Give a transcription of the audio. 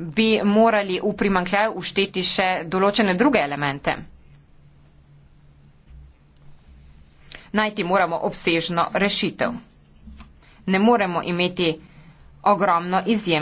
bi morali v primankljaj ušteti še določene druge elemente. Najti moramo obsežno rešitev. Ne moremo imeti ogromno izjem.